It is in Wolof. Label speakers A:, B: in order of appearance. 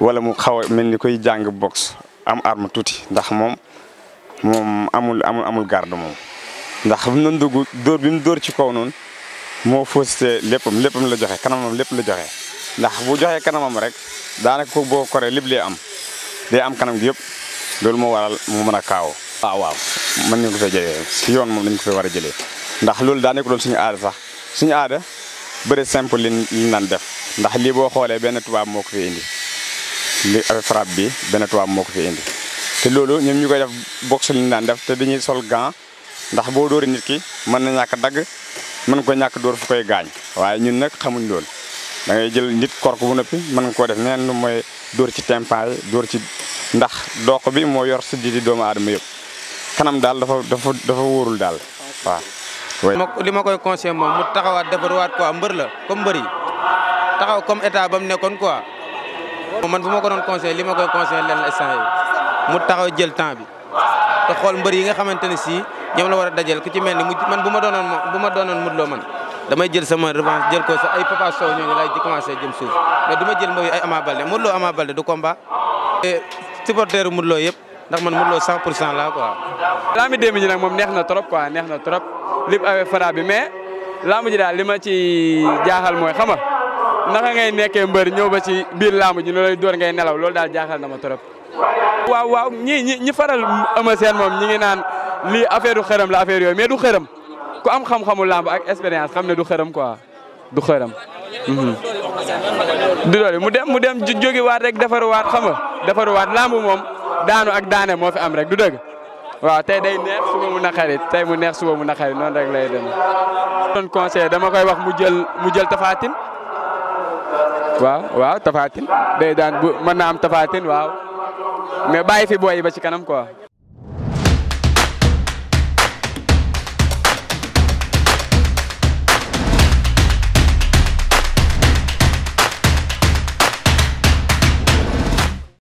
A: wala mu xaw a mel ni koy jàng box am arme tuuti ndax moom moom amul amul amul garde moom. ndax bu mu doon dugg dóor bi mu dóor ci kaw noonu moo fausté léppam léppam la joxe kanamam lépp la joxe ndax bu joxee kanamam rek daanaka ko boo koree lépp lay am day am kanam gi yëpp loolu moo waral mu mën a kaawoo. waaw ah, waaw mën nañu ko fay jëlee si yoon moom dañ ko fay war a jëlee ndax lool daa nekk doon suñu aada sax suñu aada bëre simple li ñu naan def ndax lii boo xoolee benn tubaab moo ko fi indi. li euh, bi benn moo ko fi indi te loolu ñu koy def boxe li ñu def te dañuy sol gant ndax boo dóoree nit ki mën na ñàkk dagg mën ko ñàkk dóor fu koy gaañ waaye ñun nag xamuñ loolu da ngay jël nit kork bu noppi mën nga koo def neen lu mooy dóor ci tempaay dóor ci ndax doq bi moo yor siddi di doomu aadama yëpp kanam daal dafa dafa dafa wóorul daal waaw
B: li ma koy conseillé moom mu taxawaat defaruwaat quoi mbër la comme mbër yi taxaw comme état ba mu nekkoon quoi man bu ma ko doon conseillé li ma koy conseillé leen instant yi mu taxaw jël temps bi mbër yi nga xamante ne si ñoom la war a dajal ku ci mel ni man bu ma doonoon bu ma doonoon Modou Lo man damay jël sama revanche jël ko sa ay Papa Sow ñooñu laay di commencé jëm suuf mais du ma jël mbër yi ay Ama Baldé Modou Lo Ama Baldé du combat. et supporteru Modou Lo yëpp ndax man mu Lo 100 pour cent la ko laamu démb ji nag moom neex na trop quoi neex na trop
C: lépp awee fara bi li ma ci jaaxal mooy xam nga naka ngay nekkee mbër ñëw ba ci biir làmb ji loolay door ngay nelaw loolu daal jaaxal na ma trop. waaw waaw ñi ñi ñi faral ama seen moom ñi ngi naan lii affaire u xërëm la affaire yooyu mais du xërëm ku am xam-xamu làmb ak expérience xam ne du xërëm quoi du xërëm. Mhm. du doole mu dem mu dem jógewaat rek defaruwaat xam nga defaruwaat làmb moom daanu ak daane moo fi am rek du dëgg waaw tey day neex suba mu naqari tey mu neex suba mu naqari noonu rek lay dem. doon conseil dama mu jël mu waaw waaw Tapha Tine day daan bu mën naa am Tapha Tine waaw mais bàyyi fi booy ba ci kanam quoi.